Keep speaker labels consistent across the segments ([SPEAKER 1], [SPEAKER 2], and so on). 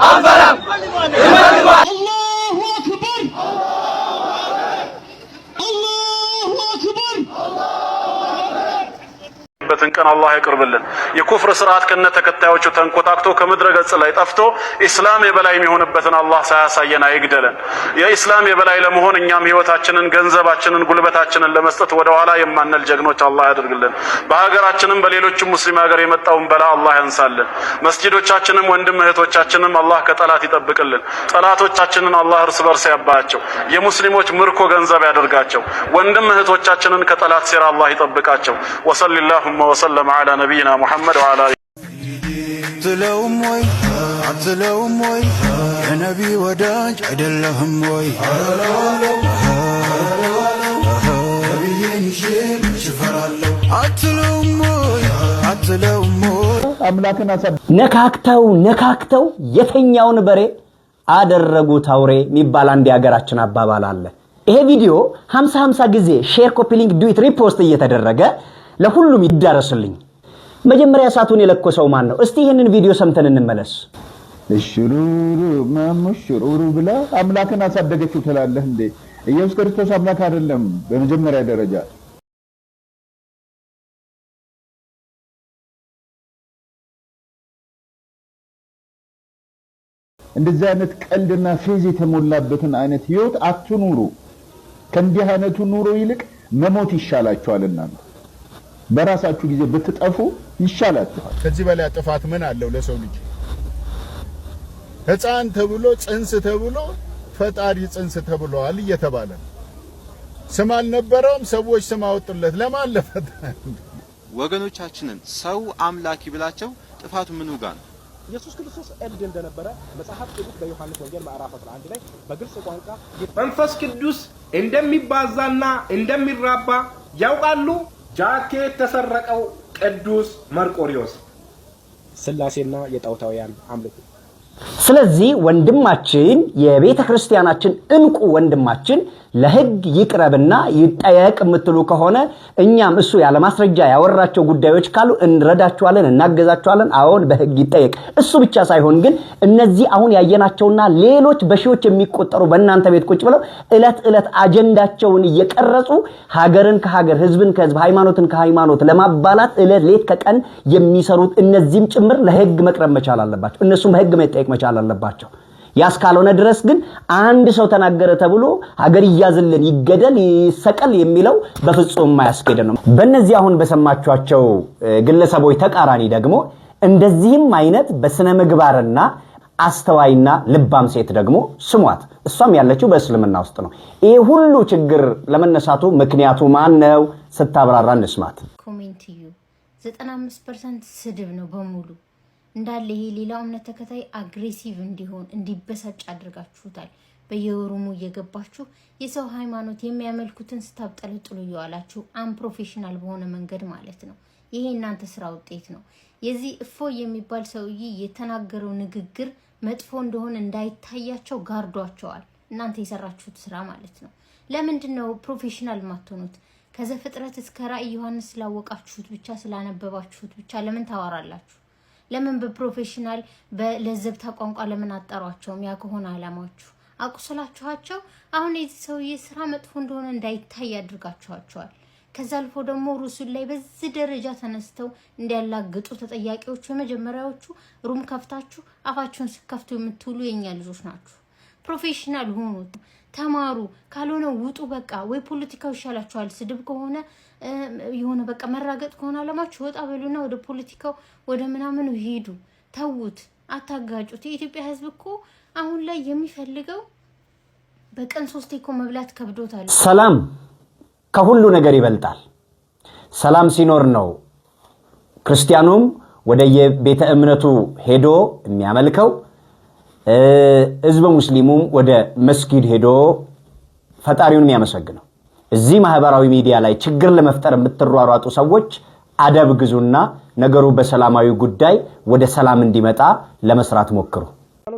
[SPEAKER 1] I'm ቀን አላህ ያቅርብልን። የኩፍር ስርዓት ከነ ተከታዮቹ ተንኮታክቶ ከምድረ ገጽ ላይ ጠፍቶ ኢስላም የበላይ የሚሆንበትን አላህ ሳያሳየን አይግደለን። የኢስላም የበላይ ለመሆን እኛም ህይወታችንን፣ ገንዘባችንን፣ ጉልበታችንን ለመስጠት ወደ ኋላ የማንል ጀግኖች አላህ ያደርግልን። በሀገራችንም በሌሎችም ሙስሊም ሀገር የመጣውን በላ አላህ ያንሳልን። መስጂዶቻችንም ወንድም እህቶቻችንም አላህ ከጠላት ይጠብቅልን። ጠላቶቻችንን አላህ እርስ በርስ ያባያቸው። የሙስሊሞች ምርኮ ገንዘብ ያደርጋቸው። ወንድም እህቶቻችንን ከጠላት ሴራ አላህ ይጠብቃቸው። ወሰለላሁ ዐለይሂ وسلم على نبينا محمد وعلى አትለውም ወይ አትለውም ወይ የነቢ ወዳጅ አይደለህም ወይ ነካክተው ነካክተው የተኛውን በሬ አደረጉት አውሬ የሚባል አንድ የሀገራችን አባባል አለ። ይሄ ቪዲዮ 50 50 ጊዜ ሼር፣ ኮፒ ሊንክ፣ ዱዊት ሪፖስት እየተደረገ ለሁሉም ይዳረስልኝ። መጀመሪያ እሳቱን የለኮሰው ማን ነው? እስቲ ይህንን ቪዲዮ ሰምተን እንመለስ። ሽሩሩ ሽሩሩ ብላ አምላክን አሳደገችው ትላለህ እንዴ? ኢየሱስ ክርስቶስ አምላክ አይደለም በመጀመሪያ ደረጃ እንደዚህ አይነት ቀልድና ፌዝ የተሞላበትን አይነት ህይወት አትኑሩ። ከእንዲህ አይነቱ ኑሮ ይልቅ መሞት ይሻላችኋል እናንተ በራሳችሁ ጊዜ ብትጠፉ ይሻላችኋል። ከዚህ በላይ ጥፋት ምን አለው ለሰው ልጅ? ህፃን ተብሎ ጽንስ ተብሎ ፈጣሪ ጽንስ ተብለዋል እየተባለ ስም አልነበረውም። ሰዎች ስም አወጡለት ለማን ወገኖቻችንን ሰው አምላክ ይብላቸው። ጥፋቱ ምኑ ጋር ነው? ኢየሱስ ክርስቶስ እብድ እንደነበረ መጽሐፍ ቅዱስ በዮሐንስ ወንጌል ምዕራፍ 11 ላይ በግልጽ ቋንቋ መንፈስ ቅዱስ እንደሚባዛና እንደሚራባ ያውቃሉ። ጃኬት ተሰረቀው ቅዱስ መርቆሪዎስ ስላሴና የጣውታውያን አምልኮ። ስለዚህ ወንድማችን የቤተ ክርስቲያናችን እንቁ ወንድማችን ለህግ ይቅረብና ይጠየቅ የምትሉ ከሆነ እኛም እሱ ያለማስረጃ ያወራቸው ጉዳዮች ካሉ እንረዳቸዋለን፣ እናገዛቸዋለን። አዎን በህግ ይጠየቅ። እሱ ብቻ ሳይሆን ግን እነዚህ አሁን ያየናቸውና ሌሎች በሺዎች የሚቆጠሩ በእናንተ ቤት ቁጭ ብለው እለት እለት አጀንዳቸውን እየቀረጹ ሀገርን ከሀገር ህዝብን ከህዝብ ሃይማኖትን ከሃይማኖት ለማባላት እለት ሌት ከቀን የሚሰሩት እነዚህም ጭምር ለህግ መቅረብ መቻል አለባቸው። እነሱም በህግ መጠየቅ መቻል አለባቸው። ያስካልሆነ ድረስ ግን አንድ ሰው ተናገረ ተብሎ ሀገር ይያዝልን፣ ይገደል፣ ይሰቀል የሚለው በፍጹም የማያስኬድ ነው። በእነዚህ አሁን በሰማችኋቸው ግለሰቦች ተቃራኒ ደግሞ እንደዚህም አይነት በስነ ምግባርና አስተዋይና ልባም ሴት ደግሞ ስሟት። እሷም ያለችው በእስልምና ውስጥ ነው። ይሄ ሁሉ ችግር ለመነሳቱ ምክንያቱ ማን ነው? ስታብራራ እንስማት። ኮሜንት ዩ 95 ፐርሰንት ስድብ ነው በሙሉ እንዳለ ይሄ ሌላው እምነት ተከታይ አግሬሲቭ እንዲሆን እንዲበሳጭ አድርጋችሁታል። በየወሩሙ እየገባችሁ የሰው ሃይማኖት የሚያመልኩትን ስታብጠለጥሉ እየዋላችሁ አንፕሮፌሽናል በሆነ መንገድ ማለት ነው። ይሄ እናንተ ስራ ውጤት ነው። የዚህ እፎ የሚባል ሰውዬ የተናገረው ንግግር መጥፎ እንደሆነ እንዳይታያቸው ጋርዷቸዋል። እናንተ የሰራችሁት ስራ ማለት ነው። ለምንድን ነው ፕሮፌሽናል ማትሆኑት? ከዘፍጥረት እስከ ራእይ ዮሐንስ ስላወቃችሁት ብቻ ስላነበባችሁት ብቻ ለምን ታወራላችሁ? ለምን በፕሮፌሽናል በለዘብታ ቋንቋ ለምን አጠሯቸውም? ያ ከሆነ አላማችሁ አቁስላችኋቸው አሁን የዚህ ሰውዬ ስራ መጥፎ እንደሆነ እንዳይታይ አድርጋችኋቸዋል። ከዛ አልፎ ደግሞ ሩሱን ላይ በዚህ ደረጃ ተነስተው እንዲያላግጡ ተጠያቂዎቹ የመጀመሪያዎቹ ሩም ከፍታችሁ አፋችሁን ስከፍቱ የምትውሉ የእኛ ልጆች ናችሁ። ፕሮፌሽናል ሁኑ፣ ተማሩ። ካልሆነ ውጡ። በቃ ወይ ፖለቲካው ይሻላችኋል። ስድብ ከሆነ የሆነ በቃ መራገጥ ከሆነ አለማችሁ ወጣ በሉና ወደ ፖለቲካው ወደ ምናምኑ ሂዱ። ተዉት፣ አታጋጩት። የኢትዮጵያ ሕዝብ እኮ አሁን ላይ የሚፈልገው በቀን ሶስቴ እኮ መብላት ከብዶታል። ሰላም ከሁሉ ነገር ይበልጣል። ሰላም ሲኖር ነው ክርስቲያኑም ወደ የቤተ እምነቱ ሄዶ የሚያመልከው ህዝበ ሙስሊሙም ወደ መስጊድ ሄዶ ፈጣሪውን የሚያመሰግነው። እዚህ ማህበራዊ ሚዲያ ላይ ችግር ለመፍጠር የምትሯሯጡ ሰዎች አደብ ግዙና ነገሩ በሰላማዊ ጉዳይ ወደ ሰላም እንዲመጣ ለመስራት ሞክሩ።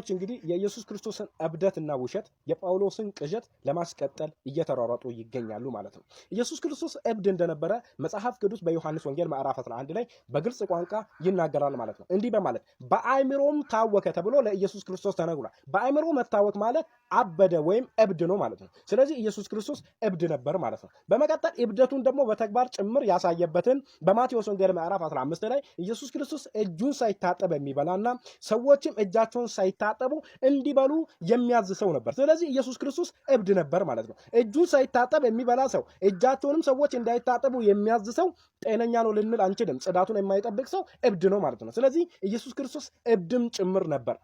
[SPEAKER 1] ክርስቲያኖች እንግዲህ የኢየሱስ ክርስቶስን እብደትና ውሸት የጳውሎስን ቅዠት ለማስቀጠል እየተሯሯጡ ይገኛሉ ማለት ነው። ኢየሱስ ክርስቶስ እብድ እንደነበረ መጽሐፍ ቅዱስ በዮሐንስ ወንጌል ምዕራፍ 11 ላይ በግልጽ ቋንቋ ይናገራል ማለት ነው። እንዲህ በማለት በአእምሮም ታወከ ተብሎ ለኢየሱስ ክርስቶስ ተነግሯል። በአእምሮ መታወክ ማለት አበደ ወይም እብድ ነው ማለት ነው። ስለዚህ ኢየሱስ ክርስቶስ እብድ ነበር ማለት ነው። በመቀጠል እብደቱን ደግሞ በተግባር ጭምር ያሳየበትን በማቴዎስ ወንጌል ምዕራፍ 15 ላይ ኢየሱስ ክርስቶስ እጁን ሳይታጠብ የሚበላና ሰዎችም እጃቸውን ሳይታ ሳይታጠቡ እንዲበሉ የሚያዝ ሰው ነበር። ስለዚህ ኢየሱስ ክርስቶስ እብድ ነበር ማለት ነው። እጁን ሳይታጠብ የሚበላ ሰው፣ እጃቸውንም ሰዎች እንዳይታጠቡ የሚያዝ ሰው ጤነኛ ነው ልንል አንችልም። ጽዳቱን የማይጠብቅ ሰው እብድ ነው ማለት ነው። ስለዚህ ኢየሱስ ክርስቶስ እብድም ጭምር ነበር።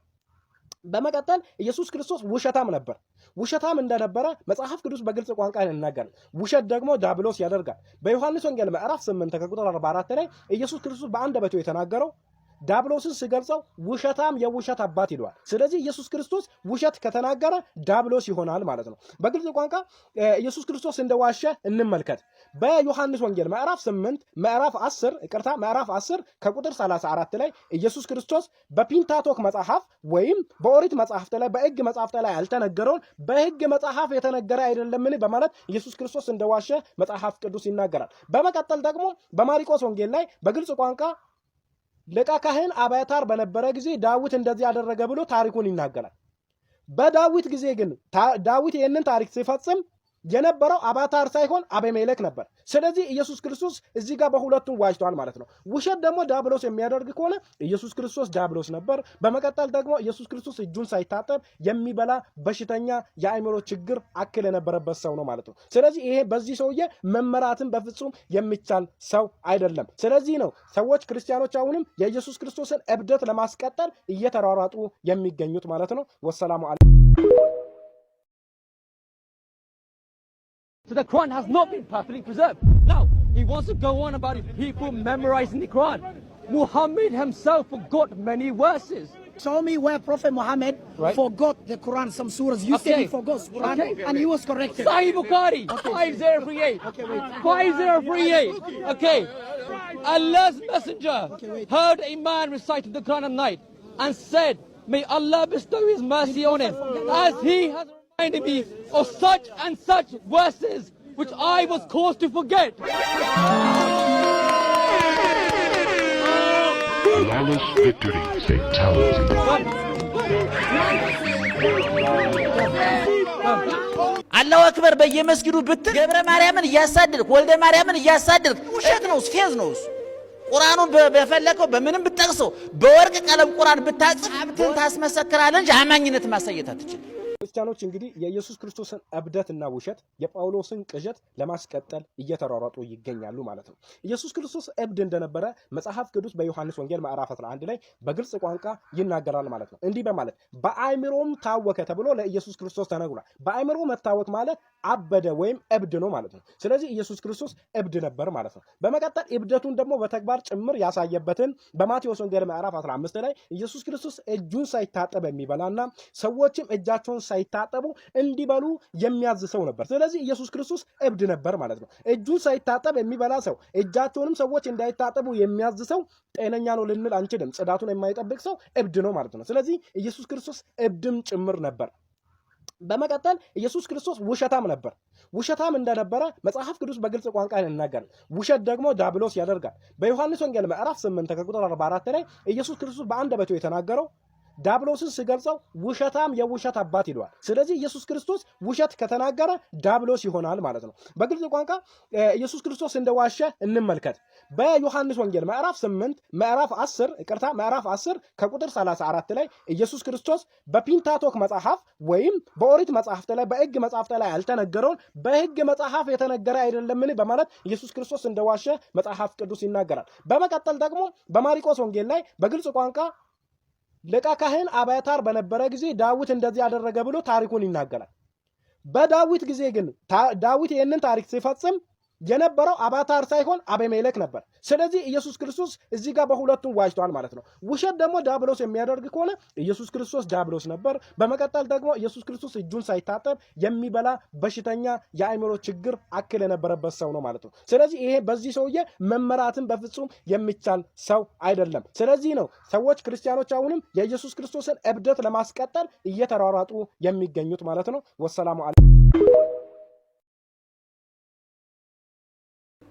[SPEAKER 1] በመቀጠል ኢየሱስ ክርስቶስ ውሸታም ነበር። ውሸታም እንደነበረ መጽሐፍ ቅዱስ በግልጽ ቋንቋ ይናገራል። ውሸት ደግሞ ዳብሎስ ያደርጋል። በዮሐንስ ወንጌል ምዕራፍ 8 ከቁጥር 44 ላይ ኢየሱስ ክርስቶስ በአንደበቱ የተናገረው ዳብሎስን ስገልጸው ውሸታም የውሸት አባት ይለዋል። ስለዚህ ኢየሱስ ክርስቶስ ውሸት ከተናገረ ዳብሎስ ይሆናል ማለት ነው። በግልጽ ቋንቋ ኢየሱስ ክርስቶስ እንደዋሸ እንመልከት። በዮሐንስ ወንጌል ምዕራፍ 8 ምዕራፍ 10 ይቅርታ ምዕራፍ 10 ከቁጥር 34 ላይ ኢየሱስ ክርስቶስ በፒንታቶክ መጽሐፍ ወይም በኦሪት መጽሐፍት ላይ በሕግ መጽሐፍት ላይ ያልተነገረውን በሕግ መጽሐፍ የተነገረ አይደለምን በማለት ኢየሱስ ክርስቶስ እንደዋሸ መጽሐፍ ቅዱስ ይናገራል። በመቀጠል ደግሞ በማሪቆስ ወንጌል ላይ በግልጽ ቋንቋ ሊቀ ካህን አብያታር በነበረ ጊዜ ዳዊት እንደዚህ ያደረገ ብሎ ታሪኩን ይናገራል። በዳዊት ጊዜ ግን ዳዊት ይህንን ታሪክ ሲፈጽም የነበረው አባታር ሳይሆን አቤሜሌክ ነበር። ስለዚህ ኢየሱስ ክርስቶስ እዚህ ጋር በሁለቱም ዋጅቷል ማለት ነው። ውሸት ደግሞ ዳብሎስ የሚያደርግ ከሆነ ኢየሱስ ክርስቶስ ዳብሎስ ነበር። በመቀጠል ደግሞ ኢየሱስ ክርስቶስ እጁን ሳይታጠብ የሚበላ በሽተኛ፣ የአእምሮ ችግር አክል የነበረበት ሰው ነው ማለት ነው። ስለዚህ ይሄ በዚህ ሰውዬ መመራትን በፍጹም የሚቻል ሰው አይደለም። ስለዚህ ነው ሰዎች ክርስቲያኖች አሁንም የኢየሱስ ክርስቶስን እብደት ለማስቀጠል እየተሯሯጡ የሚገኙት ማለት ነው። ወሰላሙ So the Quran has not been perfectly preserved. Now, he wants to go on about his people memorizing the Quran. Muhammad himself forgot many verses. Show me where Prophet Muhammad right. forgot the Quran, some surahs. You okay. said he forgot Quran okay. and he was corrected. Sahih Bukhari, okay. 5038. Okay, wait. 5038. Okay. Allah's messenger okay, heard a man reciting the Quran at night and said, May Allah bestow his mercy on him oh. as he has. trying me of such and such verses which I was caused to forget. Lawless victory, fatality. አላሁ አክበር በየመስጊዱ ብትል ገብረ ማርያምን እያሳደድክ ወልደ ማርያምን እያሳደድክ ውሸት ነው፣ ፌዝ ነው። ቁርአኑን በፈለከው በምንም ብትጠቅሰው በወርቅ ቀለም ቁርአን ብታጽፍ ሀብትን ታስመሰክራለህ እንጂ አማኝነት ማሳየት አትችልም። ክርስቲያኖች እንግዲህ የኢየሱስ ክርስቶስን እብደትና ውሸት የጳውሎስን ቅዠት ለማስቀጠል እየተሯሯጡ ይገኛሉ ማለት ነው። ኢየሱስ ክርስቶስ እብድ እንደነበረ መጽሐፍ ቅዱስ በዮሐንስ ወንጌል ምዕራፍ 11 ላይ በግልጽ ቋንቋ ይናገራል ማለት ነው። እንዲህ በማለት በአእምሮም ታወከ ተብሎ ለኢየሱስ ክርስቶስ ተነግሯል። በአእምሮ መታወክ ማለት አበደ ወይም እብድ ነው ማለት ነው። ስለዚህ ኢየሱስ ክርስቶስ እብድ ነበር ማለት ነው። በመቀጠል እብደቱን ደግሞ በተግባር ጭምር ያሳየበትን በማቴዎስ ወንጌል ምዕራፍ 15 ላይ ኢየሱስ ክርስቶስ እጁን ሳይታጠብ የሚበላና ሰዎችም እጃቸውን ሳይታጠቡ እንዲበሉ የሚያዝ ሰው ነበር። ስለዚህ ኢየሱስ ክርስቶስ እብድ ነበር ማለት ነው። እጁን ሳይታጠብ የሚበላ ሰው፣ እጃቸውንም ሰዎች እንዳይታጠቡ የሚያዝ ሰው ጤነኛ ነው ልንል አንችልም። ጽዳቱን የማይጠብቅ ሰው እብድ ነው ማለት ነው። ስለዚህ ኢየሱስ ክርስቶስ እብድም ጭምር ነበር። በመቀጠል ኢየሱስ ክርስቶስ ውሸታም ነበር። ውሸታም እንደነበረ መጽሐፍ ቅዱስ በግልጽ ቋንቋ ይናገራል። ውሸት ደግሞ ዳብሎስ ያደርጋል። በዮሐንስ ወንጌል ምዕራፍ 8 ከቁጥር 44 ላይ ኢየሱስ ክርስቶስ በአንደበቱ የተናገረው ዳብሎስን ስገልጸው ውሸታም የውሸት አባት ይለዋል። ስለዚህ ኢየሱስ ክርስቶስ ውሸት ከተናገረ ዳብሎስ ይሆናል ማለት ነው። በግልጽ ቋንቋ ኢየሱስ ክርስቶስ እንደዋሸ እንመልከት። በዮሐንስ ወንጌል ምዕራፍ 8 ምዕራፍ 10 ይቅርታ ምዕራፍ 10 ከቁጥር 34 ላይ ኢየሱስ ክርስቶስ በፒንታቶክ መጽሐፍ ወይም በኦሪት መጽሐፍት ላይ በሕግ መጽሐፍት ላይ ያልተነገረውን በሕግ መጽሐፍ የተነገረ አይደለምን በማለት ኢየሱስ ክርስቶስ እንደዋሸ መጽሐፍ ቅዱስ ይናገራል። በመቀጠል ደግሞ በማሪቆስ ወንጌል ላይ በግልጽ ቋንቋ ሊቀ ካህን አብያታር በነበረ ጊዜ ዳዊት እንደዚህ ያደረገ ብሎ ታሪኩን ይናገራል። በዳዊት ጊዜ ግን ዳዊት ይህንን ታሪክ ሲፈጽም የነበረው አባታር ሳይሆን አቤሜሌክ ነበር። ስለዚህ ኢየሱስ ክርስቶስ እዚህ ጋር በሁለቱም ዋጅቷል ማለት ነው። ውሸት ደግሞ ዳብሎስ የሚያደርግ ከሆነ ኢየሱስ ክርስቶስ ዳብሎስ ነበር። በመቀጠል ደግሞ ኢየሱስ ክርስቶስ እጁን ሳይታጠብ የሚበላ በሽተኛ፣ የአእምሮ ችግር አክል የነበረበት ሰው ነው ማለት ነው። ስለዚህ ይሄ በዚህ ሰውዬ መመራትን በፍጹም የሚቻል ሰው አይደለም። ስለዚህ ነው ሰዎች ክርስቲያኖች አሁንም የኢየሱስ ክርስቶስን እብደት ለማስቀጠል እየተሯሯጡ የሚገኙት ማለት ነው። ወሰላሙ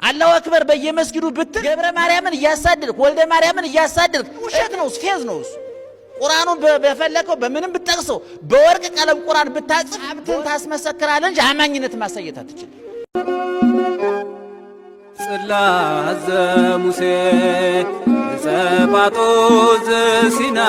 [SPEAKER 1] አላሁ አክበር በየመስጊዱ ብትል ገብረ ማርያምን እያሳደድክ ወልደ ማርያምን እያሳደድክ ውሸት ነው፣ ፌዝ ነው። ቁርአኑን በፈለከው በምንም ብትጠቅሰው በወርቅ ቀለም ቁርአን ብታጽፍ ሀብትን ታስመሰክራለህ እንጂ አማኝነት ማሳየት አትችል። ጽላዘ ሙሴ ዘባጦ ዘሲና